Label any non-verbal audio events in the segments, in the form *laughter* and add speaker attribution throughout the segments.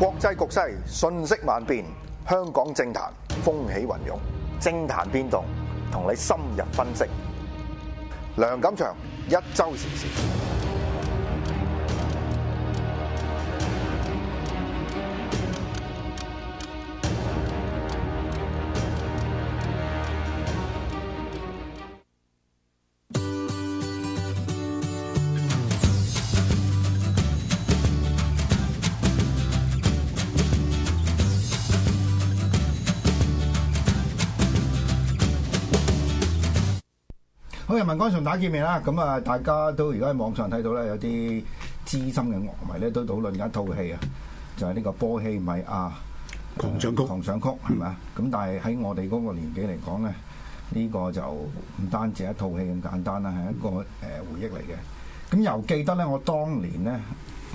Speaker 1: 國際局勢瞬息萬變，香港政壇風起雲湧，政壇變動，同你深入分析。梁錦祥，一周時事。大家見面啦，咁啊，大家都而家喺網上睇到咧，有啲資深嘅樂迷咧都討論緊一套戲啊，就係、是、呢個波希米亞狂想曲，狂想曲係咪啊？咁但係喺我哋嗰個年紀嚟講咧，呢、嗯、個就唔單止一套戲咁簡單啦，係一個誒回憶嚟嘅。咁又記得咧，我當年咧，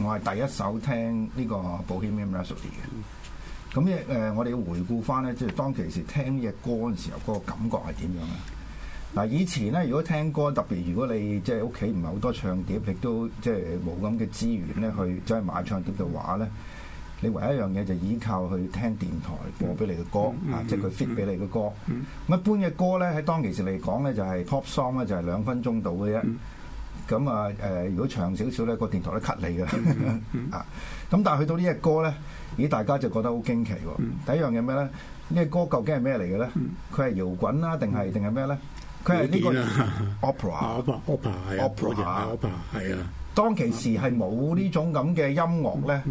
Speaker 1: 我係第一首聽呢個 Bohemian Rhapsody 嘅。咁咧誒，我哋要回顧翻咧，即、就、係、是、當其時聽呢隻歌嗰陣時候，嗰、那個感覺係點樣咧？嗱，以前咧，如果聽歌，特別如果你即係屋企唔係好多唱碟，亦都即係冇咁嘅資源咧，去走去買唱碟嘅話咧，你唯一一樣嘢就依靠去聽電台播俾你嘅歌、嗯嗯嗯、啊，即係佢 fit 俾你嘅歌。一、嗯、般嘅歌咧，喺當其時嚟講咧，就係、是、pop song 咧，就係兩分鐘到嘅啫。咁、嗯、啊，誒、呃，如果長少少咧，個電台都 cut 你㗎 *laughs* 啊。咁但係去到呢隻歌咧，咦？大家就覺得好驚奇喎、哦。嗯嗯、第一樣嘢咩咧？呢、這個歌究竟係咩嚟嘅咧？佢係搖滾啊，定係定係咩咧？佢係呢個 opera，opera 係 opera 係啊。當其時係冇呢種咁嘅音樂咧，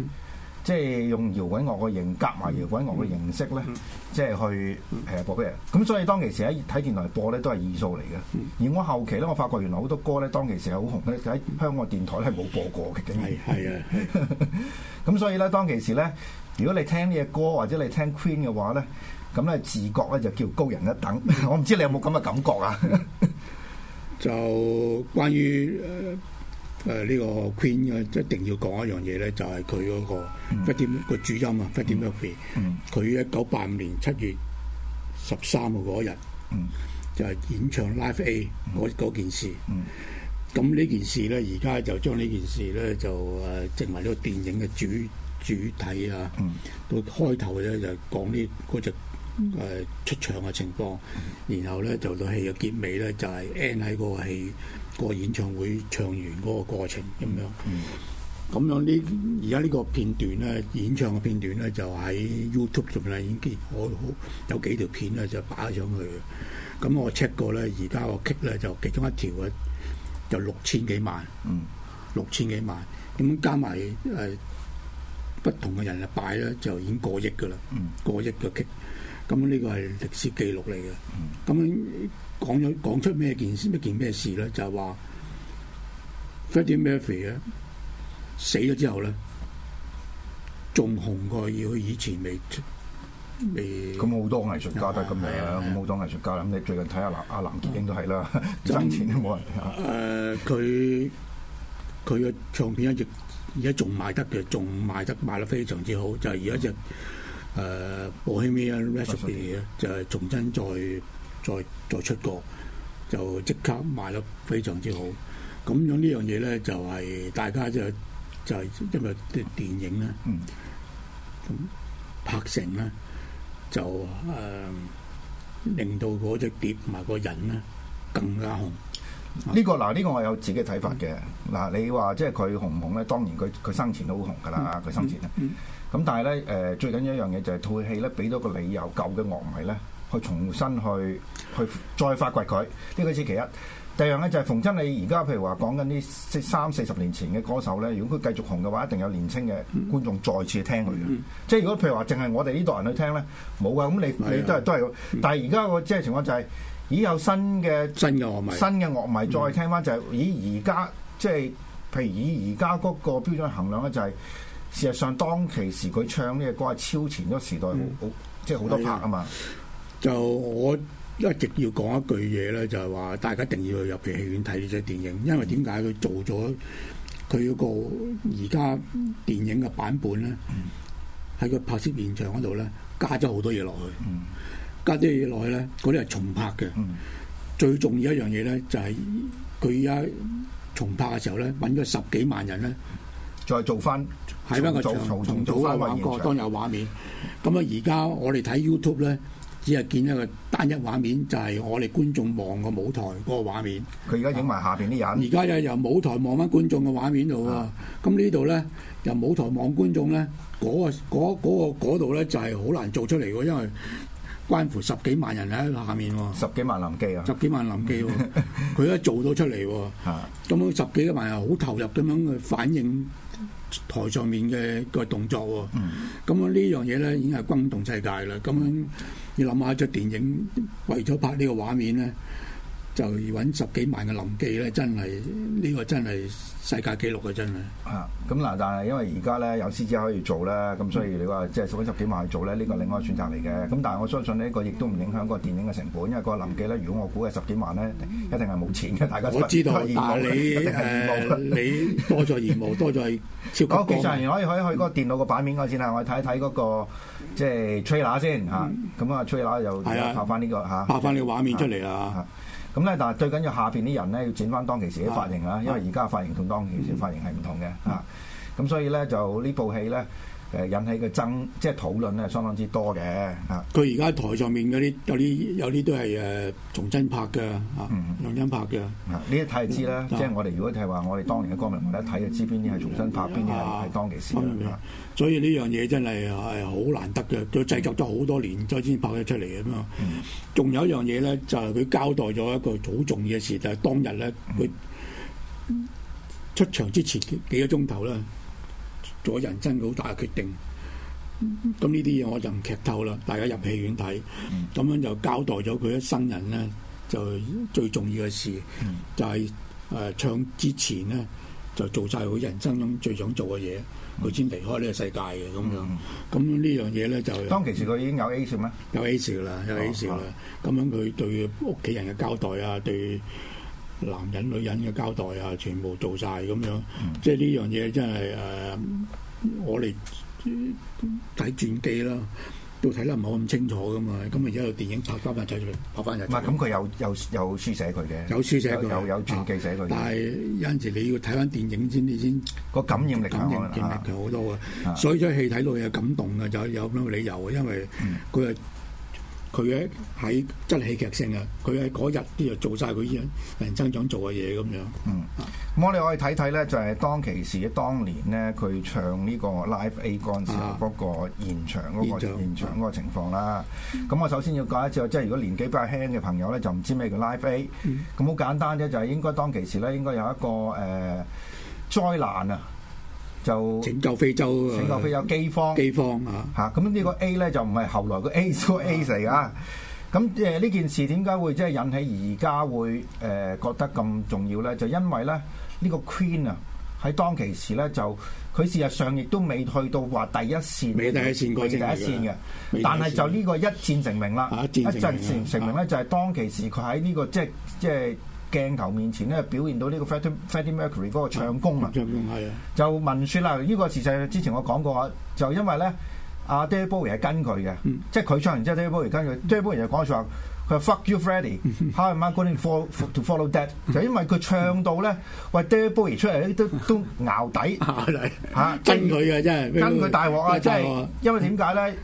Speaker 1: 即係用搖滾樂嘅形，夾埋搖滾樂嘅形式咧，即係去誒播俾人。咁所以當其時喺睇電台播咧，都係二數嚟嘅。而我後期咧，我發覺原來好多歌咧，當其時係好紅咧，喺香港電台係冇播過嘅。咁係啊。咁所以咧，當其時咧，如果你聽呢個歌或者你聽 Queen 嘅話咧。咁咧自覺咧就叫高人一等，我唔知你有冇咁嘅感覺啊？ *laughs*
Speaker 2: 就關於誒誒呢個 Queen 嘅，一定要講一樣嘢咧，就係佢嗰個，嗯，嗰主音啊，嗯，佢一九八五年七月十三號嗰日，嗯、就係演唱 Live A 嗰、嗯、件事，嗯，咁呢件事咧，而家就將呢件事咧就誒成為呢個電影嘅主主體啊，嗯、到開頭咧就講呢嗰隻。嗰個誒出場嘅情況，然後咧就到戲嘅結尾咧，就係 end 喺個戲、個演唱會唱完嗰個過程咁樣。咁樣呢而家呢個片段咧，演唱嘅片段咧就喺 YouTube 上面已經好有幾條片咧就擺咗上去，咁我 check 過咧，而家個 click 咧就其中一條咧就六千幾萬，嗯、六千幾萬咁加埋誒、啊、不同嘅人嚟擺咧就已經過億噶啦，嗯、過億嘅 click。咁呢個係歷史記錄嚟嘅，咁、嗯嗯嗯、講咗講出咩件事？咩件咩事咧？就係、是、話 Freddie Mercury、啊咧死咗之後咧，
Speaker 1: 仲紅過以以前未未。咁好多藝術家都係咁嘅，好、啊啊啊、多藝術家咁你最近睇下藍阿藍潔瑛都係啦，賺錢都冇人。誒、
Speaker 2: 呃，佢佢嘅唱片一直而家仲賣得嘅，仲賣得賣得非常之好，就係而家就。嗯誒《波希米亞 Rhapsody、啊》咧，就重新再再再出過，就即刻賣得非常之好。咁樣呢樣嘢咧，就係、是、大家就就係因為啲電影咧，咁、嗯、拍成咧，就誒、呃、令到嗰隻碟同埋個人咧更加紅。
Speaker 1: 呢、這個嗱，呢、這個我有自己嘅睇法嘅。嗱、嗯啊，你話即係佢紅唔紅咧？當然佢佢生前都好紅㗎啦。佢、嗯、生前咧，咁、嗯嗯、但係咧誒，最緊要一樣嘢就係套戲咧，俾到個理由舊嘅樂迷咧，去重新去去再發掘佢。呢、這個係其一。第二樣咧就係、是、馮真，你而家譬如話講緊呢三四十、嗯、年前嘅歌手咧，如果佢繼續紅嘅話，一定有年輕嘅觀眾再次聽佢嘅。即係如果譬如話，淨係我哋呢代人去聽咧，冇㗎、啊。咁你你，你，你都係都係。但係而家個即係情況就係、就是。已有新嘅新嘅樂迷，新嘅樂迷、嗯、再聽翻就係以而家即係，就是、譬如以而家嗰個標準衡量咧，就係事實上當其時佢唱呢個歌係超前咗時代、嗯、好，即係好多拍啊嘛。
Speaker 2: 就我一直要講一句嘢咧，就係話大家一定要去入戲院睇呢隻電影，因為點解佢做咗佢嗰個而家電影嘅版本咧？喺個拍攝現場嗰度咧，加咗好多嘢落去。嗯嗯加啲嘢落去咧，嗰啲係重拍嘅。嗯、最重要一樣嘢咧，就係佢而家重拍嘅時候咧，搵咗十幾萬人咧，再做翻喺翻個場重做翻畫角，當有畫面。咁啊，而家我哋睇 YouTube 咧，只係見一個單一畫面，就係、是、我哋觀眾望個舞台嗰個畫面。佢而家影埋下邊啲人。而家又由舞台望翻觀眾嘅畫面度啊！咁、啊嗯、呢度咧，由舞台望觀眾咧，嗰、嗰個嗰度咧，就係好難做出嚟嘅，因為，關乎十幾萬人喺下面喎、哦，十幾萬臨記啊，十幾萬臨記喎，佢 *laughs* 一做到出嚟喎、哦，咁樣 *laughs* 十幾萬人好投入咁樣去反映台上面嘅個動作喎、哦，咁、嗯、樣呢樣嘢咧已經係轟動世界啦。咁樣你諗下，隻電影為咗拍呢個畫面咧。就要揾十幾萬嘅臨記咧，真係呢個真係世界紀錄嘅真係。啊，
Speaker 1: 咁嗱，但係因為而家咧有師姐可以做咧，咁所以你話即係揾十幾萬去做咧，呢個另外選擇嚟嘅。咁但係我相信呢個亦都唔影響個電影嘅成本，因為個臨記咧，如果我估係十幾萬咧，一定係冇錢嘅。大家我知道，但係你多咗義務，多咗。我幾十年可以可以去嗰個電腦個版面嗰度先啦，我睇一睇嗰個即係 trailer 先嚇。咁啊，trailer 又靠翻呢個嚇，靠翻啲畫面出嚟啊！咁咧，但係最緊要下邊啲人咧要剪翻當其時啲髮型啊，因為而家嘅髮型，當髮型同當其時髮型係唔同嘅吓，咁、嗯啊、所以咧就部呢部戲咧。誒引起嘅爭即係討論咧，相當之多嘅嚇。佢而家台
Speaker 2: 上面嗰啲有啲有啲都係誒重新拍嘅嚇，重新、嗯、哼拍嘅。呢啲睇就知啦。嗯、即係
Speaker 1: 我哋如果睇話我哋當年嘅觀明唔一睇，就知邊啲係重新拍，邊啲係係當其時、嗯、
Speaker 2: 所以呢樣嘢真係係好難得嘅，佢製作咗好多年才才，再先拍咗出嚟咁啊。仲、嗯、哼有一樣嘢咧，就係佢交代咗一個好重要嘅事，就係、是、當日咧，佢出場之前幾個鐘頭啦。做人生好大嘅決定，咁呢啲嘢我就唔劇透啦，大家入戲院睇，咁、嗯、樣就交代咗佢一生人咧，就最重要嘅事，嗯、就係、是、誒、呃、唱之前咧，就做晒佢人生中最想做嘅嘢，佢先、嗯、離開呢個世界嘅咁、嗯、樣。咁、嗯、呢樣嘢咧就當其時佢已經有 A 㗎咩？有 A 㗎啦，有 A 㗎啦。咁樣佢對屋企人嘅交代啊，對。男人女人嘅交代啊，全部做晒咁樣，即係呢樣嘢真係誒，
Speaker 1: 我
Speaker 2: 哋睇傳記啦，都睇得唔好咁清楚㗎嘛。咁而家個電影拍翻翻睇出嚟，拍翻入。唔係，咁佢
Speaker 1: 有有有書寫佢嘅，有書寫佢，有有傳記寫佢。但係
Speaker 2: 有陣時你要睇翻電影先，你先個感染力、感染力強好多啊。所以喺戲睇到有感動嘅，有有咁嘅理由，因為佢係。佢嘅喺真係戲劇性、嗯、啊！佢喺嗰日啲就做晒佢依樣人增長做嘅嘢咁樣。嗯，
Speaker 1: 咁我哋可以睇睇咧，就係當其時嘅當年咧，佢唱呢個 live A 陣 o n c e r t 嗰個現場嗰、那個啊、個情況啦。咁、嗯、我首先要講一次，即、就、係、是、如果年紀比較輕嘅朋友咧，就唔知咩叫 live A、嗯。咁好簡單啫，就係應該當其時咧，應該有一個誒、呃、災難啊！就拯救非洲，拯救非洲饑荒，饑荒啊！嚇咁呢個 A 咧就唔係後來個 A 個 A 嚟噶。咁誒呢件事點解會即係引起而家會誒覺得咁重要咧？就因為咧呢個 Queen 啊喺當其時咧就佢事實上亦都未去到話第一線，未第一線，未第一線嘅。但係就呢個一戰成名啦，一戰成成名咧就係當其時佢喺呢個即係即係。鏡頭面前咧，表現到呢個 Freddie Mercury 嗰個唱功啊！唱啊、嗯，正正就聞説啦，呢、這個事實之前我講過啊，就因為咧，阿、啊、David Bowie 係跟佢嘅，嗯、即係佢唱完之後 David Bowie 跟佢 David Bowie 講一句話，佢話 Fuck you, Freddie, how am I going to follow that？就因為佢唱到咧，喂 David Bowie 出嚟都都熬底，嚇跟佢嘅真係跟佢大鑊啊！即係因為點解咧？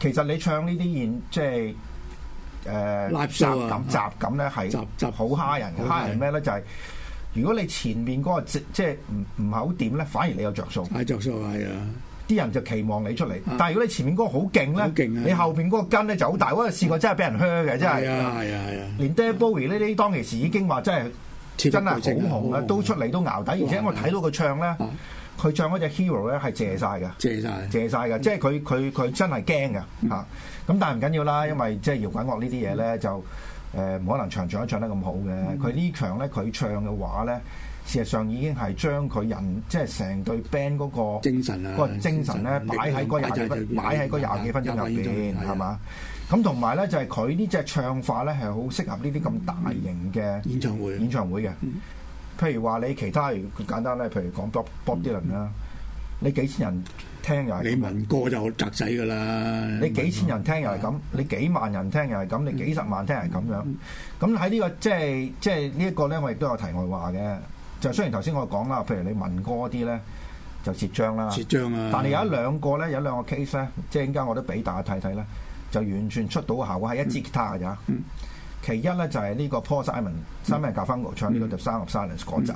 Speaker 1: 其實你唱呢啲演即係。就是就是誒，雜咁雜咁咧，係好蝦人嘅。蝦人咩咧？就係如果你前面嗰個即即唔唔好掂咧，反而你有着數係著數啊！啲人就期望你出嚟，但係如果你前面嗰個好勁咧，你後邊嗰個根咧就好大。我試過真係俾人㗱嘅，真係啊係啊係啊！連 David Bowie 呢啲當其時已經話真係真係好紅啊，都出嚟都淆底，而且我睇到佢唱咧。佢唱嗰隻 hero 咧係借晒嘅，借晒借晒嘅，即係佢佢佢真係驚嘅嚇。咁但係唔緊要啦，因為即係搖滾樂呢啲嘢咧就誒唔可能場場都唱得咁好嘅。佢呢場咧佢唱嘅話咧，事實上已經係將佢人即係成隊 band 嗰個精神啊，嗰個精神咧擺喺嗰廿擺喺廿幾分鐘入邊係嘛？咁同埋咧就係佢呢隻唱法咧係好適合呢啲咁大型嘅演唱會演唱會嘅。譬如話你其他，簡單咧，譬如講 Bob Bob Dylan 啦，你幾千人聽又係，你
Speaker 2: 民歌就宅仔噶啦。你幾千人
Speaker 1: 聽又係咁，嗯、你幾萬人聽又係咁，嗯、你幾十萬聽係咁樣。咁喺呢個即係即係呢一個咧，我亦都有題外話嘅。就雖然頭先我講啦，譬如你民歌啲咧，就截章啦。截章啊！但係有一兩個咧，嗯、有一兩個 case 咧，即係陣間我都俾大家睇睇咧，就完全出到效果係一支吉他嘅咋。嗯其一呢就係呢個 Paul Simon，Simon & Garfunkel 唱呢個 The Sound of Silence 嗰集。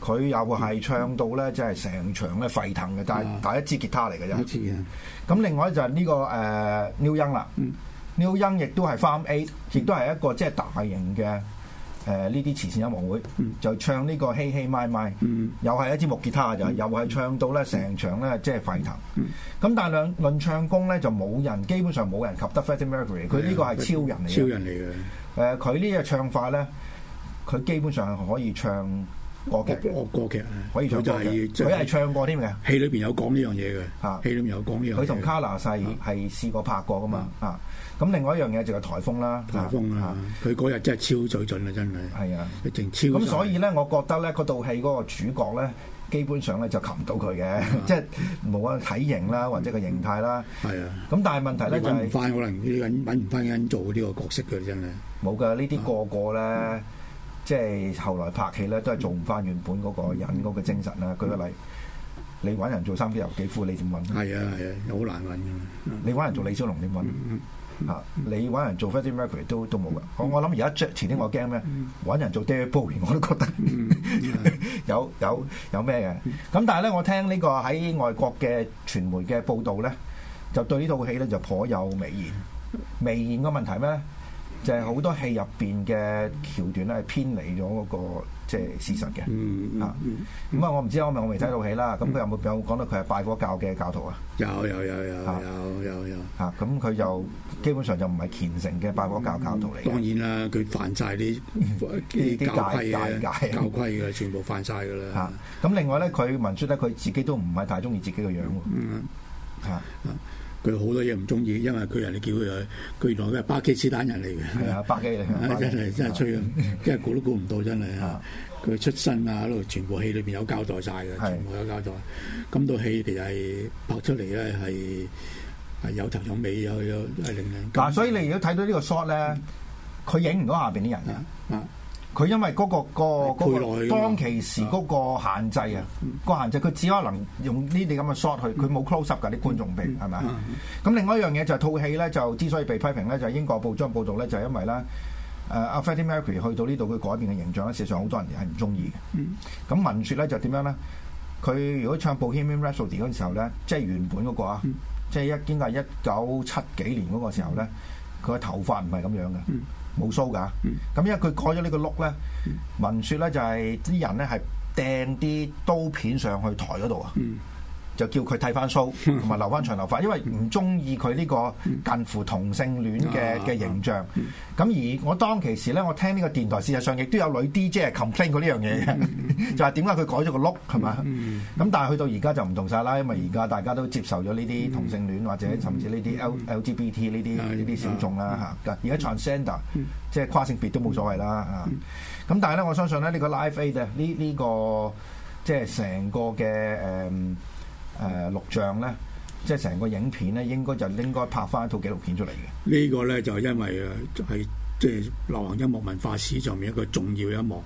Speaker 1: 佢又係唱到呢，即係成場呢沸騰嘅，但係得一支吉他嚟嘅啫。咁、mm. 另外就係呢、這個、呃、Neil Young，Neil Young 亦都係 Farm Aid，亦都係一個即係大型嘅。誒呢啲慈善音樂會、嗯、就唱呢、這個嘻嘻買買，hey, hey, My, My 嗯、又係一支木吉他，嗯、又又係唱到咧成場咧即係沸騰。咁、就是 er, 嗯嗯、但係論論唱功咧，就冇人，基本上冇人及得 Freddie Mercury。佢呢個係超人嚟嘅。超人嚟嘅。誒、呃，佢呢個唱法咧，佢基本上可以唱。歌劇，歌劇可以唱。佢就係，佢係唱過添嘅。戲裏邊有講呢樣嘢嘅。嚇，戲裏邊有講呢樣。佢同卡拿細係試過拍過噶嘛。嚇，咁另外一樣嘢就係颱風啦。颱風
Speaker 2: 啦，佢嗰日真係超水準啦，真係。係啊。佢淨超。咁所以
Speaker 1: 咧，我覺得咧，嗰套戲嗰個主角咧，基本上咧就及唔到佢嘅，即係冇啊體型啦，或者個形態啦。係啊。咁但係問題咧就係快，可能你揾
Speaker 2: 唔翻人做呢個角色嘅真係。
Speaker 1: 冇㗎，呢啲個個咧。即係後來拍戲咧，都係做唔翻原本嗰個人嗰個精神啦。嗯、舉個例，你揾人做三 D 游幾夫，你點揾？係啊
Speaker 2: 係啊，好、
Speaker 1: 啊、難揾嘅。你揾人做李小龍點揾？嚇、嗯嗯啊！你揾人做 Freddie Mercury 都都冇㗎。我我諗而家 j 前啲我驚咩？揾人做 David Bowie 我都覺得 *laughs* *laughs* 有有有咩嘅。咁但係咧，我聽呢個喺外國嘅傳媒嘅報導咧，就對呢套戲咧就頗有微言。微言個問題咩？就係好多戲入邊嘅橋段咧，係偏離咗嗰、那個即係、就是、事實嘅。咁啊、嗯嗯，我唔知，我咪我未睇到戲啦。咁佢有冇有講到佢係拜火教嘅教徒啊？有有有有有有有。啊， *laughs* 咁佢、 *laughs* 嗯、就基本上就唔係虔誠嘅拜火教教徒嚟、嗯。當然
Speaker 2: 啦，佢犯晒啲啲教規啊，教
Speaker 1: 規嘅全部犯晒㗎啦。啊，咁另外咧，佢文出咧佢自己都唔係太中意自己嘅樣喎。 *laughs* *laughs* *laughs* 佢好多嘢唔中意，因為佢人哋叫佢，
Speaker 2: 佢原來都係巴基斯坦人嚟嘅。係啊，
Speaker 1: 巴基斯坦人。啊，真係 *laughs* 真係吹啊！真
Speaker 2: 係估都估唔到，真係啊！佢 *laughs* 出身啊，喺度，全部戲裏邊有交代曬嘅，全部有交代。咁到 *laughs* *laughs* 戲其實係拍出嚟咧，係係有頭有尾，有有係零零。
Speaker 1: 嗱， *laughs* 所以你如果睇到呢個 shot 咧，佢影唔到下邊啲人嘅。嗯。 *laughs* *laughs* *laughs* 佢因為嗰、那個個嗰、那個當其時嗰個限制、那個、啊，個限制佢只可能用呢啲咁嘅 shot 去，佢冇 close up 㗎啲、嗯、觀眾病，係咪？咁、嗯嗯、另外一樣嘢就套、是、戲咧，就之所以被批評咧，就係、是、英國報章報道咧，就是、因為咧，誒、呃、阿 Freddie Mercury 去到呢度佢改變嘅形象咧，事實上好多人係唔中意嘅。咁、嗯、文説咧就點樣咧？佢如果唱《Bohemian Rhapsody》嗰時候咧，即、就、係、是、原本嗰、那個啊，即係一應該一九七幾年嗰個時候咧，佢嘅頭髮唔係咁樣嘅。嗯嗯冇鬚㗎，咁、嗯、因為佢蓋咗呢個轆咧，嗯、聞説咧就係啲人咧係掟啲刀片上去台嗰度啊。嗯就叫佢剃翻鬚，同埋留翻長頭髮，因為唔中意佢呢個近乎同性戀嘅嘅形象。咁而我當其時咧，我聽呢個電台，事實上亦都有女 DJ complain 過呢樣嘢嘅，就話點解佢改咗個 look 係嘛？咁但係去到而家就唔同晒啦，因為而家大家都接受咗呢啲同性戀或者甚至呢啲 L LGBT 呢啲呢啲小眾啦嚇。而家、嗯嗯、transgender 即係、嗯、跨性別都冇所謂啦咁、嗯嗯、但係咧，我相信咧呢個 Live Aid 呢呢個即係成個嘅誒。就是誒錄、呃、像咧，即係成個影片咧，應該就應該拍翻一套紀錄片出嚟嘅。個
Speaker 2: 呢個咧就因為係即係流行音樂文化史上面一個重要嘅一幕。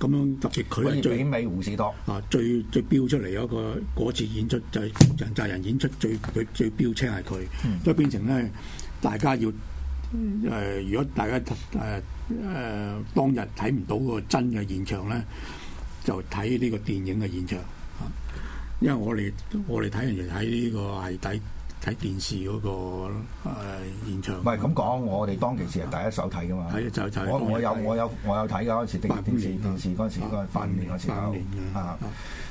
Speaker 2: 咁樣、嗯、特別佢媲美胡士多啊，最最標出嚟有、那個嗰次演出就係、是、人扎人演出最，最最最標青係佢。嗯、所以變成咧，大家要誒、呃，如果大家誒誒、呃呃、當日睇唔到個真嘅現場咧，就睇呢個電影嘅現場。啊因為我哋我哋睇完嚟睇呢個係睇睇電視嗰，嗰個誒、呃、現場。唔係咁講，
Speaker 1: 我哋當其時係第一手睇噶嘛。
Speaker 2: 我有我有
Speaker 1: 我有睇噶嗰陣時，電視 hei, 電視嗰陣時嗰個八年嗰時。咁嗱，啊、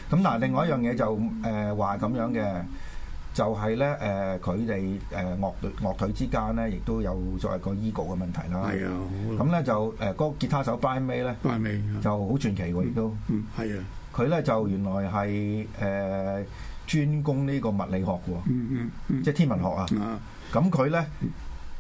Speaker 1: 但另外一樣嘢就誒話咁樣嘅，就係咧誒佢哋誒樂隊樂隊之間咧，亦都有作為個 ego 嘅問題啦。係啊，咁咧就誒嗰吉他手 Brian May 咧 Brian May 就好傳奇喎，亦都嗯係啊。Yeah 佢咧就原來係誒專攻呢個物理學喎，即係天文學啊。咁佢咧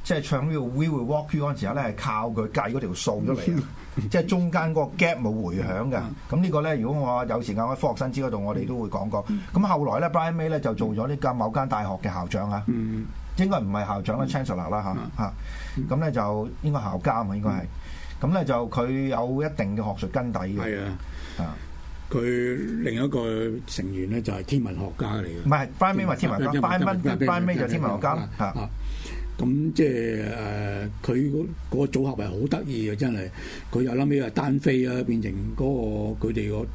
Speaker 1: 即係唱呢個 We will walk you 嗰陣時候咧，係靠佢計嗰條數咗嚟，即係中間嗰個 gap 冇回響嘅。咁呢個咧，如果我有時間，我科學生知嗰度我哋都會講過。咁後來咧，Brian May 咧就做咗呢間某間大學嘅校長啊，嗯嗯，應該唔係校長啦，Chancellor 啦嚇嚇。咁咧就應該校監啊，應該係。咁咧就佢有一定嘅學術根底嘅，係啊
Speaker 2: 啊。佢另一個成員咧就係天文學家嚟嘅是，唔係 Brian May 係天文家 Brian May 就天文學家。啊，咁、嗯、即係誒，佢、呃、嗰個組合係好得意嘅，真係。佢又諗起啊單飛啊，變成嗰、嗰個佢哋、嗰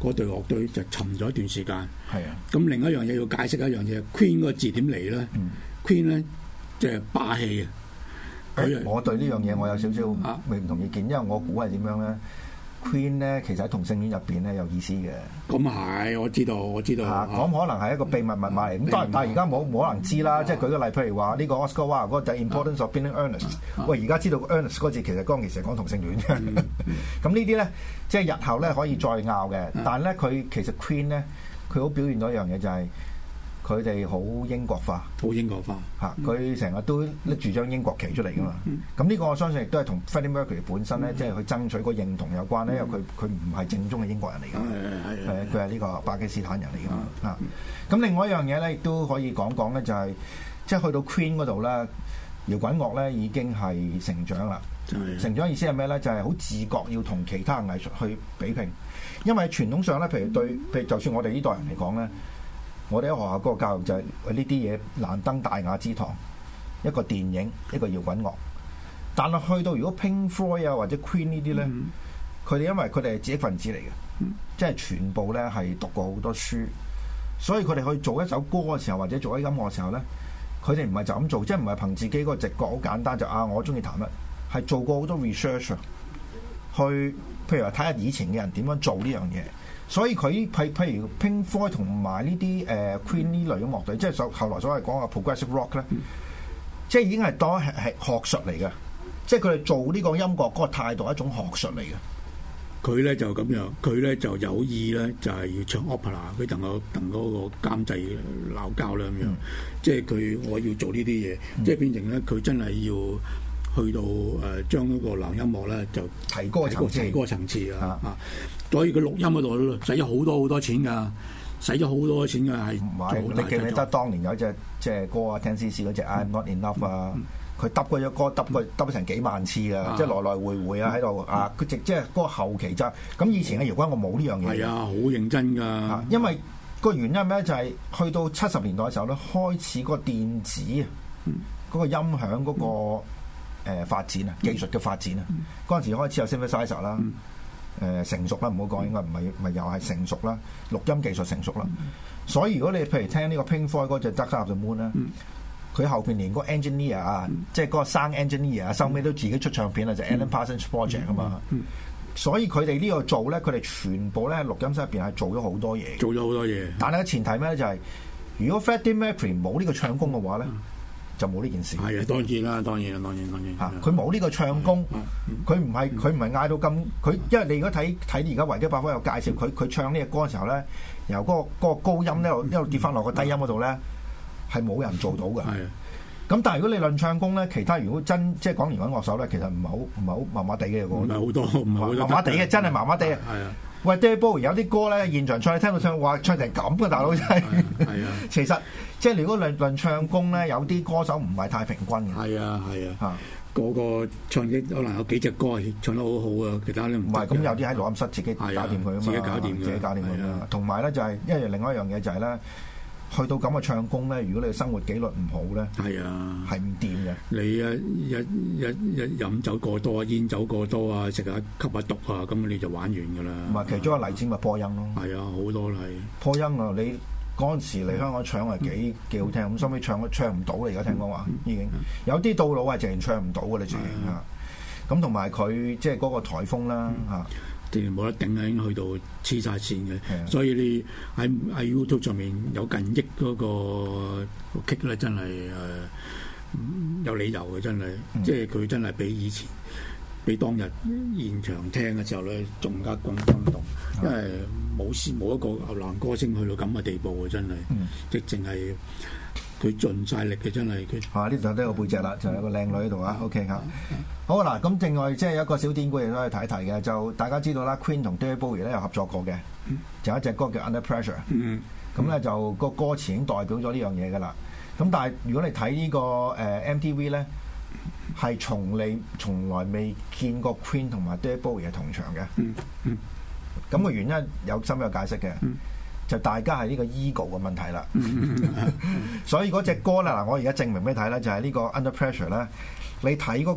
Speaker 2: 個嗰隊、嗰個、樂隊就沉咗一段時間。係啊。咁、嗯嗯、另一樣嘢要解
Speaker 1: 釋一樣嘢，Queen 個字點嚟咧？Queen 咧，即、就、係、是、霸氣啊、欸！我對呢樣嘢我有少少唔同意見，因為我估係點樣咧？Queen 咧，其實喺同性戀入邊咧有意思嘅。咁係，我知道我知道。嚇，咁可能係一個秘密密碼嚟。咁但係而家冇冇可能知啦？即係舉個例，譬如話呢個 Oscar Wilde 嗰個 The Importance of Being Earnest，喂，而家知道 Earnest 嗰字其實剛其實講同性戀嘅。咁呢啲咧，即係日後咧可以再拗嘅。但係咧，佢其實 Queen 咧，佢好表現到一樣嘢就係。佢哋好英國化，好英國化嚇，佢成日都拎住張英國旗出嚟噶嘛。咁呢個我相信亦都係同 Freddie Mercury 本身咧，即係佢爭取個認同有關咧，因為佢佢唔係正宗嘅英國人嚟嘅，係佢係呢個巴基斯坦人嚟㗎嘛。咁另外一樣嘢咧，亦都可以講講咧，就係即係去到 Queen 嗰度咧，搖滾樂咧已經係成長啦。成長意思係咩咧？就係好自覺要同其他藝術去比拼，因為傳統上咧，譬如對譬如就算我哋呢代人嚟講咧。我哋喺學校嗰個教育就係呢啲嘢難登大雅之堂，一個電影，一個搖滾樂。但係去到如果 Pink Floyd 啊或者 Queen 呢啲咧，佢哋、mm hmm。因為佢哋係知識份子嚟嘅，mm hmm。即係全部咧係讀過好多書，所以佢哋去做一首歌嘅時候，或者做一音樂嘅時候咧，佢哋唔係就咁做，即係唔係憑自己嗰個直覺好簡單就是、啊我中意彈乜，係做過好多 research，去譬如話睇下以前嘅人點樣做呢樣嘢。所以佢譬譬如 Pink Floyd 同埋呢啲誒 Queen 呢類嘅樂隊，嗯、即係所後來所謂講嘅 Progressive Rock 咧、嗯，即係已經係當係學術嚟嘅。即係佢哋做呢個音樂嗰個態度係一種學術嚟嘅。佢咧就咁
Speaker 2: 樣，佢咧就有意咧就係、是、要唱 opera，佢同我同嗰個監製鬧交啦咁樣。嗯、即係佢我要做呢啲嘢，嗯、即係變成咧佢真係要。去到誒將嗰個流行音樂咧就提高層次，提高層次啊啊！所以佢錄音嗰度使咗好多好多錢噶，使咗好多錢噶係。唔係，你記唔記得
Speaker 1: 當年有一隻即係歌啊，10cc 嗰隻 I'm Not In Love 啊，佢揼過一歌揼過揼成幾萬次啊，即係來來回回啊喺度啊！佢直即係嗰個後期就咁以前嘅搖滾，我冇呢樣嘢。係啊，
Speaker 2: 好認真㗎。因
Speaker 1: 為個原因咩？就係去到七十年代嘅時候咧，開始嗰個電子啊，嗰個音響嗰個。誒發展啊，技術嘅發展啊，嗰陣、mm. 時開始有 synthesizer 啦、mm. 呃，誒成熟啦，唔好講，應該唔係，咪又係成熟啦，錄音技術成熟啦。Mm. 所以如果你譬如聽呢個 Pink Floyd 嗰隻 Dark Side of the Moon 咧，佢後邊連個，Eng、er, mm. 個 engineer 啊，即係嗰個生 engineer 啊，收尾都自己出唱片啦，就 Alan Parsons Project 啊嘛。Mm. 所以佢哋呢個做咧，佢哋全部咧錄音室入邊係做咗好多嘢，做咗好多嘢。但係個前提咩咧、就是，就係如果 Freddie Mercury 冇呢個唱功嘅話咧。Mm. 就冇呢件事。係啊，當然啦，當
Speaker 2: 然啦，當然當然。
Speaker 1: 嚇，佢冇呢個唱功，佢唔係佢唔係嗌到咁，佢因為你如果睇睇而家《維基百科》有介紹佢佢唱呢個歌嘅時候咧，由嗰個嗰個高音咧一路跌翻落個低音嗰度咧，係冇人做到㗎。係啊。咁但係如果你論唱功咧，其他如果真即係講搖滾樂手咧，其實唔係好唔係好麻麻地嘅，唔係好多，唔係好麻麻地嘅，真係麻麻地啊！係啊。喂 David Bowie，有啲歌咧現場唱，你聽到唱話唱成咁嘅大佬真係。係啊。其實。即係如果論論唱功咧，有啲歌手唔係太平均嘅。係啊，係啊。嚇，
Speaker 2: 嗰個唱啲可能有幾隻歌係唱得好好啊，其他咧唔係咁有啲喺錄音室自己搞掂佢啊嘛。自己搞掂嘅，自己搞掂
Speaker 1: 佢啦。同埋咧就係，因為另外一樣嘢就係咧，去到咁嘅唱功咧，如果你生活紀律唔好咧，係啊，係唔掂嘅。
Speaker 2: 你一一一一飲酒過多啊，煙酒過多啊，食下吸下毒啊，咁你就玩完㗎啦。唔係，其
Speaker 1: 中一個例子咪波音咯。係啊，好多啦，係波音啊，你。嗰陣時嚟香港唱係幾幾、嗯、好聽，咁收尾唱都唱唔到。你而家聽講話已經有啲到老、嗯、啊，直情唱唔到噶啦，直情啊！咁同埋佢即係嗰個颱風啦
Speaker 2: 嚇，直情冇得頂啊，已經去到黐晒線嘅，嗯、所以你喺喺 YouTube 上面有近億嗰個 kick 咧，真係誒有理由嘅，真係、嗯、即係佢真係比以前。俾當日現場聽嘅時候咧，仲加咁轟動，因為冇冇一個男歌星去到咁嘅地步嘅，真係，直係淨係
Speaker 1: 佢盡晒力嘅，真係。啊！呢度都有背脊啦，就有、係、個靚女喺度、嗯、啊。OK 啊、嗯，好嗱，咁另外即係有一個小典故嚟都係提一提嘅，就大家知道啦，Queen 同 David Bowie 咧有合作過嘅，就一隻歌叫 Under Pressure。咁咧、嗯嗯、就個歌詞已經代表咗呢樣嘢嘅啦。咁但係如果你睇呢個誒 MTV 咧？係從嚟從來未見過 Queen 同埋 David Bowie 同場嘅，咁個原因有深入解釋嘅，就大家係呢個 ego 嘅問題啦。 *music* *laughs* 所以嗰隻歌啦，嗱我而家證明俾你睇咧？就係呢個 Under Pressure 咧，你睇嗰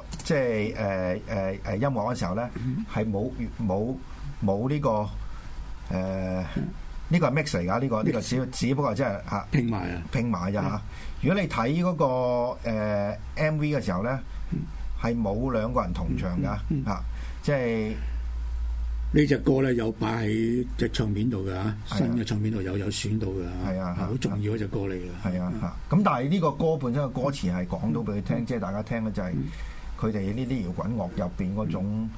Speaker 1: 個即係誒誒誒音樂嘅時候咧，係冇冇冇呢沒有沒有沒有個誒、呃、呢個係 mix 嚟噶，呢個呢個只只不過即係嚇拼埋馬啊，拼埋啫嚇。如果你睇嗰個誒 MV 嘅時候咧，係冇兩個人同場噶嚇，即係呢隻
Speaker 2: 歌咧有擺喺隻唱片度嘅，新嘅唱片度有有選到嘅嚇，係啊，好重
Speaker 1: 要一隻歌嚟嘅。係啊嚇，咁但係呢個歌本身嘅歌詞係講到俾佢聽，即係大家聽嘅就係佢哋呢啲搖滾樂入邊嗰種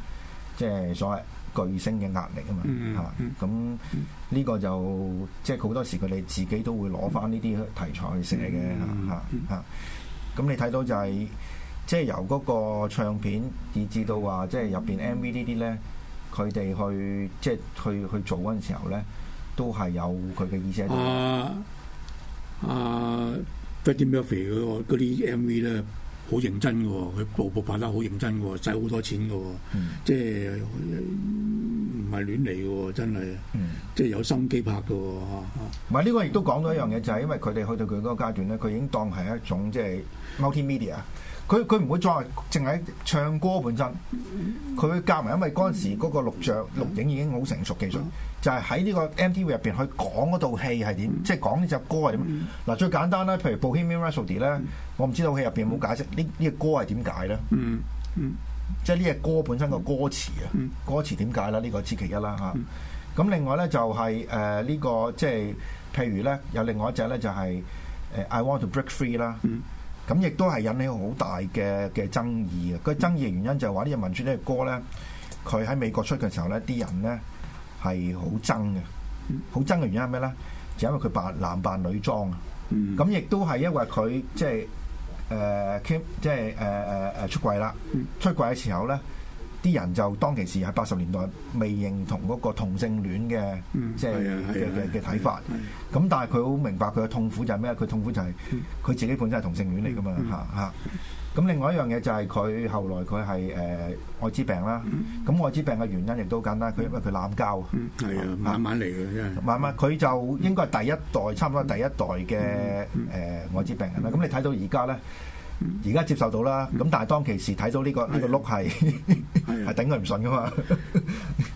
Speaker 1: 即係所謂。巨星嘅壓力嘛，嗯嗯，啊嘛嚇。咁呢個就即係好多時佢哋自己都會攞翻呢啲題材去寫嘅嚇嚇嚇。咁，嗯嗯嗯啊，你睇到就係即係由嗰個唱片以至到話即係入邊 M V 呢啲咧，佢哋去即係去去做嗰陣時候咧，都係有佢嘅意思喺度。啊
Speaker 2: 啊 Freddie Mercury 嗰啲 M V 咧，好認真嘅喎，佢步步拍得好認真喎，使好多錢嘅喎，嗯、即係唔係亂嚟嘅喎，真係，嗯、即係有心機拍嘅喎。
Speaker 1: 唔係呢個亦都講到一樣嘢，就係、是、因為佢哋去到佢嗰個階段咧，佢已經當係一種即係 multimedia，佢佢唔會再淨係唱歌本身，佢會夾埋，因為嗰陣時嗰個錄像錄影已經好成熟技術。嗯嗯嗯嗯就係喺呢個 MTV 入邊去講嗰套戲係點，即係講呢隻歌係點。嗱，最簡單啦，譬如《Bohemian Rhapsody》咧，我唔知道佢入邊有冇解釋呢呢隻歌係點解咧。即係呢隻歌本身個歌詞啊，歌詞點解啦？呢個知其一啦嚇。咁另外咧就係誒呢個即係譬如咧有另外一隻咧就係誒 I Want to Break Free 啦。咁亦都係引起好大嘅嘅爭議啊。個爭議嘅原因就係話呢隻民主呢隻歌咧，佢喺美國出嘅時候咧，啲人咧。係好憎嘅，好憎嘅原因係咩咧？就係、因為佢扮男扮女裝啊，咁亦、嗯、都係因為佢即係誒 k 即係誒誒誒出櫃啦，出櫃嘅時候咧。啲人就當其時喺八十年代未認同嗰個同性戀嘅，即係嘅嘅睇法。咁但係佢好明白佢嘅痛苦就係咩？佢痛苦就係佢自己本身係同性戀嚟噶嘛嚇嚇。咁另外一樣嘢就係佢後來佢係誒艾滋病啦。咁艾滋病嘅原因亦都好簡單，佢因為佢濫交。係啊，慢
Speaker 2: 慢嚟嘅啫。
Speaker 1: 慢慢，佢就應該係第一代，差唔多第一代嘅誒艾滋病人啦。咁你睇到而家咧？而家接受到啦，咁但係當其時睇到呢、這個呢個碌係係頂佢唔順噶嘛。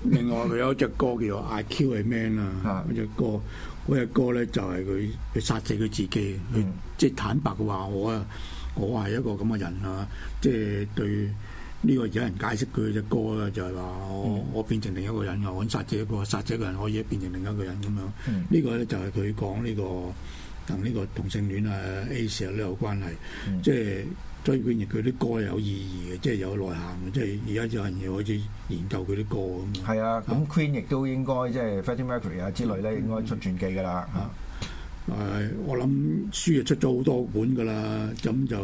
Speaker 2: 另外佢有一隻歌叫做《IQ 係 Man》啊，嗰隻歌嗰隻歌咧就係佢去殺死佢自己，去、嗯、即係坦白嘅話我啊，我係一個咁嘅人啊。即、就、係、是、對呢個有人解釋佢隻歌咧，就係話我我變成另一個人啊。我殺者一個殺死個人可以變成另一個人咁樣。呢、嗯、個咧就係佢講呢個。同呢個同性戀啊，Ace 都有關係，嗯、即係追本源佢啲歌有意義嘅，即係有內涵嘅。即係而家就係要開始研究佢啲歌咁。
Speaker 1: 係啊，咁 Queen 亦、啊、都應該即係 Fatty Mercury 啊之類咧，應該出傳記㗎啦嚇。誒、嗯啊呃，
Speaker 2: 我諗書亦出咗好多本㗎啦，咁就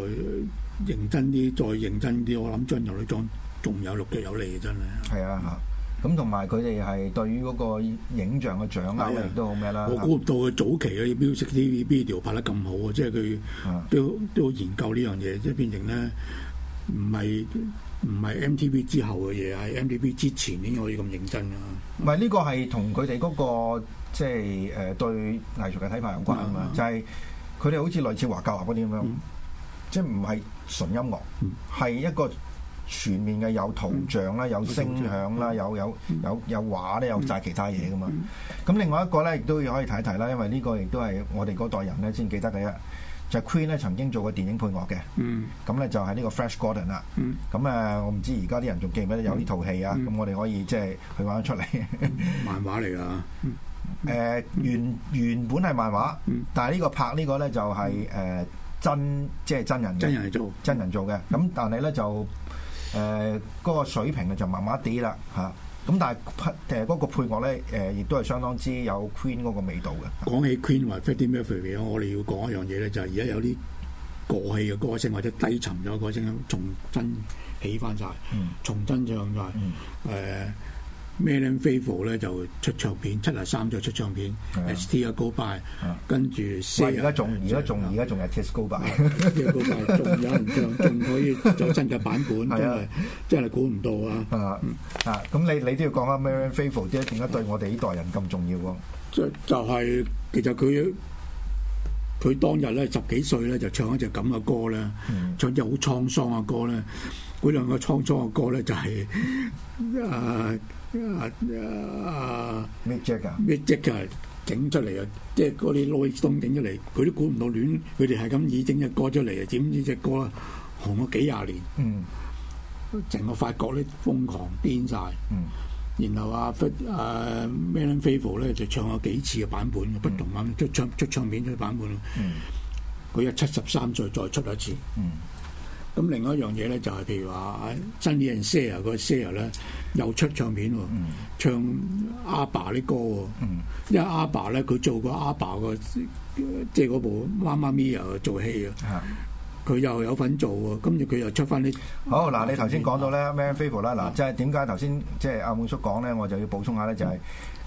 Speaker 2: 認真啲，再認
Speaker 1: 真啲。我諗將來仲仲有六隻有利，真係。係啊！嗯啊。咁同埋佢哋係對於嗰個影像嘅掌握亦都好咩啦？我估
Speaker 2: 到佢早期嘅標識 TVB 條拍得咁好啊！即係佢都都研究呢樣嘢，即係變成咧唔係唔係 MTV 之後嘅嘢，係 MTV 之前應該可以咁認真啊！
Speaker 1: 唔係呢個係同佢哋嗰個即係誒對藝術嘅睇法有關啊嘛，就係佢哋好似類似華教嗰啲咁樣，即係唔係純音樂，係一個。全面嘅有圖像啦，有聲響啦，有有有有畫咧，有曬其他嘢㗎嘛。咁另外一個咧，亦都可以睇一睇啦，因為呢個亦都係我哋嗰代人咧先記得嘅。就 Queen 咧曾經做過電影配樂嘅，咁咧就係呢個 Flash Gordon 啦。咁誒，我唔知而家啲人仲記唔記得有呢套戲啊？咁我哋可以即係去玩出嚟。
Speaker 2: 漫畫嚟㗎，
Speaker 1: 誒原原本係漫畫，但係呢個拍呢個咧就係誒真即係真人。真人做，真人做嘅。咁但係咧就。誒嗰，呃那個水平就啊就麻麻地啦嚇，咁但係誒嗰個配樂咧誒，亦都係相當之有 Queen 嗰個味道嘅。
Speaker 2: 講起 Queen 同 Freddy Mercury，嗯、我哋要講一樣嘢咧，就係而家有啲過氣嘅歌聲或者低沉咗嘅歌聲，重新起翻晒，重振唱晒。誒、嗯。呃嗯 Melon 咩林菲佛咧就出唱片，七啊三就出唱片。S T 啊，Go By 跟住四而家仲，
Speaker 1: 而家、啊、仲，而家、啊、仲有 T S Go Bye，Go By 仲有人唱，仲可以做真嘅版本，真係真係估唔到啊！到啊，咁、嗯啊、你你都要講下 m 咩林菲佛，即係點解對我哋呢代人咁重要喎。
Speaker 2: 即、啊、就係、是、其實佢佢當日咧十幾歲咧就唱一隻咁嘅歌咧，嗯、唱一隻好滄桑嘅歌咧。嗰兩個蒼蒼嘅歌咧、就是，就係啊啊啊，咩職啊？咩職啊？整出嚟啊！即係嗰啲內通整出嚟，佢都估唔到亂，佢哋係咁以整隻歌出嚟，點知隻歌紅咗幾廿年？嗯，成個法國咧瘋狂癲晒。Mm. 然後啊，誒 Melvin Fable 咧就唱咗幾次嘅版本不同版、mm. 出出出唱片嘅版本。佢一、mm. 七十三歲再出一次。嗯、mm.。 *music* 咁另外一樣嘢咧，就係譬如話，新啲人 Sarah 個 Sarah 咧，又出唱片喎，嗯、唱阿爸啲歌喎。嗯、因為阿爸咧，佢做過阿爸個，即係嗰部《媽媽咪呀》又做戲啊，佢又有份做喎。跟住佢又出翻啲。好嗱，你頭先講
Speaker 1: 到咧咩？favourite 啦，嗱、啊，即係點解頭先即係阿滿叔講咧，我就要補充下咧、就係，就係、嗯。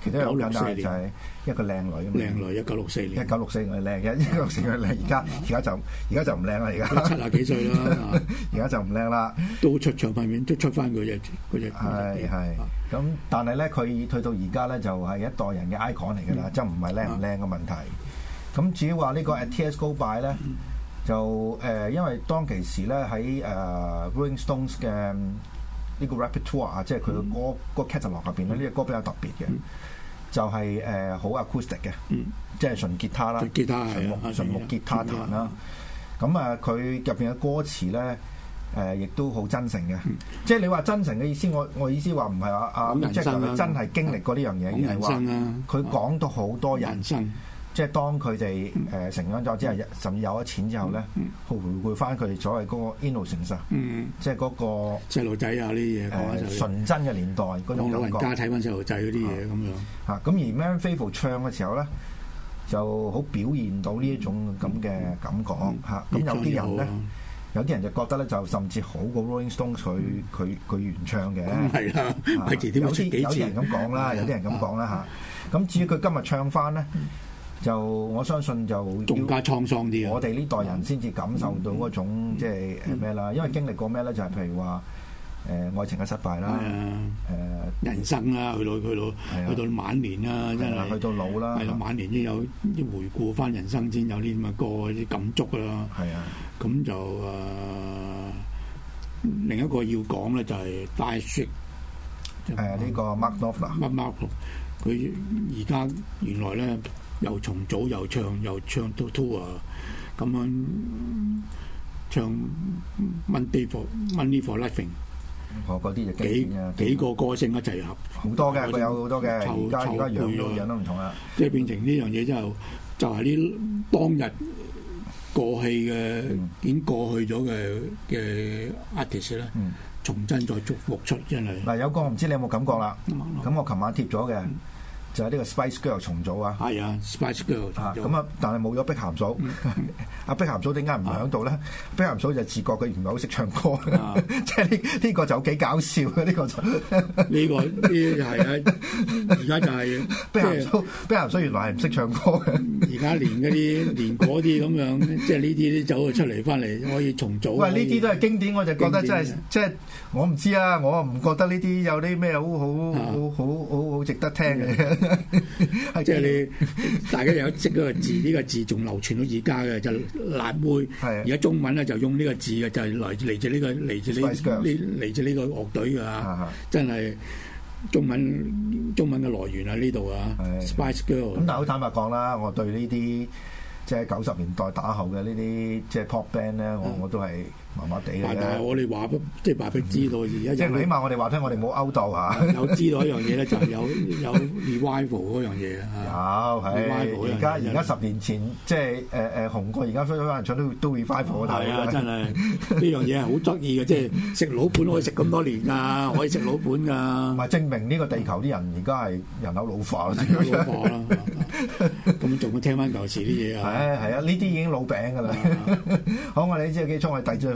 Speaker 1: 其實好兩年就係一個靚女啊嘛！靚女一九六四年，一九六四年靚嘅，一九六四年靚。而家而家就而家就唔靚啦，而家七十幾歲啦？而家就唔靚啦。都出場面面，都出翻佢嘅佢嘅。係係咁，但係咧，佢退到而家咧，就係一代人嘅 icon 嚟㗎啦，就唔係靚唔靚嘅問題。咁至於話呢個 As Tears Go By 咧，就誒，因為當其時咧喺誒 Rolling Stones 嘅呢個 repertoire 啊，即係佢嘅歌嗰個 catalog 入邊呢隻歌比較特別嘅。就係誒好 acoustic 嘅，即係純吉他啦，純木純木吉他彈啦。咁啊，佢入邊嘅歌詞咧，誒亦都好真、嗯、真誠嘅。即係你話真誠嘅意思，我我意思話唔係話啊，即係佢真係經歷過呢樣嘢，而係話佢講到好多人。即係當佢哋誒成長咗之後，甚至有咗錢之後咧，好回顧翻佢所謂嗰個 innocence，即係嗰個細路仔啊啲嘢，誒純真嘅年代嗰種感覺。老家睇翻細
Speaker 2: 路仔嗰啲嘢咁樣
Speaker 1: 嚇。咁而 m a n f a v e r 唱嘅時候咧，就好表現到呢一種咁嘅感覺嚇。咁有啲人咧，有啲人就覺得咧，就甚至好過 Rolling Stones 佢佢佢原唱嘅，係啦，有啲人咁講啦，有啲人咁講啦嚇。咁至於佢今日唱翻咧？就我相信就仲加滄桑啲啊！我哋呢代人先至感受到嗰種即係誒咩啦？因為經歷過咩咧？就係譬如話誒愛情嘅失敗啦、
Speaker 2: 誒人生啦，去到去到去到晚年啦，真係去到老啦，晚年都有啲回顧翻人生，先有啲咁嘅歌啲感觸啦。係啊，咁就誒另一個要講咧，就係 Die Shit 誒呢個 Markov 啦，Markov 佢而家原來咧。又重組又唱又唱到 tour，咁樣唱《Monday For Monday For Living》，哦，嗰啲就幾幾個歌星嘅集合，好多嘅佢有好多嘅，而家而家樣樣都唔同啦。即係變成呢樣嘢之後，就係呢當日過去嘅，已經過去咗嘅嘅 artist
Speaker 1: 咧，重振再復出真係。嗱有個我唔知你有冇感覺啦，咁我琴晚貼咗嘅。就係呢個 Spice Girl 重組啊！係啊，Spice Girl 咁啊，但係冇咗碧咸嫂。阿碧咸嫂點解唔響度咧？碧咸嫂就自覺佢原來好識唱歌，啊。即係呢呢個就幾搞笑嘅，呢個就呢個
Speaker 2: 啲係啊！而家就係碧咸嫂。碧咸嫂原來係唔識唱歌嘅，而家連嗰啲連嗰啲咁樣，即係呢啲都走去出嚟翻嚟可以重組。喂，呢啲都係經
Speaker 1: 典，我就覺得真係即係我唔知啊！我唔覺得呢啲有啲咩好好好好好好值得聽嘅。
Speaker 2: *laughs* 即係你， *laughs* 大家有識呢個字，呢 *laughs* 個字仲流傳到而家嘅就是、辣妹。而家的中文咧就用呢個字嘅，就嚟、是、嚟自呢、這個嚟自呢呢嚟自呢個樂隊噶，的真係中文中文嘅來源喺呢度啊。Spice
Speaker 1: Girls 的。咁但好坦白講啦，我對呢啲即係九十年代打後嘅呢啲即係 pop band 咧，我的我都係。麻麻地我哋話即係白璧知道而家，即係起碼我哋話聽，我哋冇勾鬥嚇。有知道一樣嘢咧，就係有有 revival 嗰樣嘢啊！有係，而家而家十年前即係誒誒紅過，而家衰咗，有人唱都都 revival。係啊，真係呢樣嘢係好得意嘅，即係食老本可以食咁多年啊，可以食老本㗎。唔係證明呢個地球啲人而家係人口老化啦，人口老化啦。咁仲會
Speaker 2: 聽翻舊時啲嘢啊？係啊，
Speaker 1: 呢啲已經老餅㗎啦。好，我哋呢隻機倉去遞轉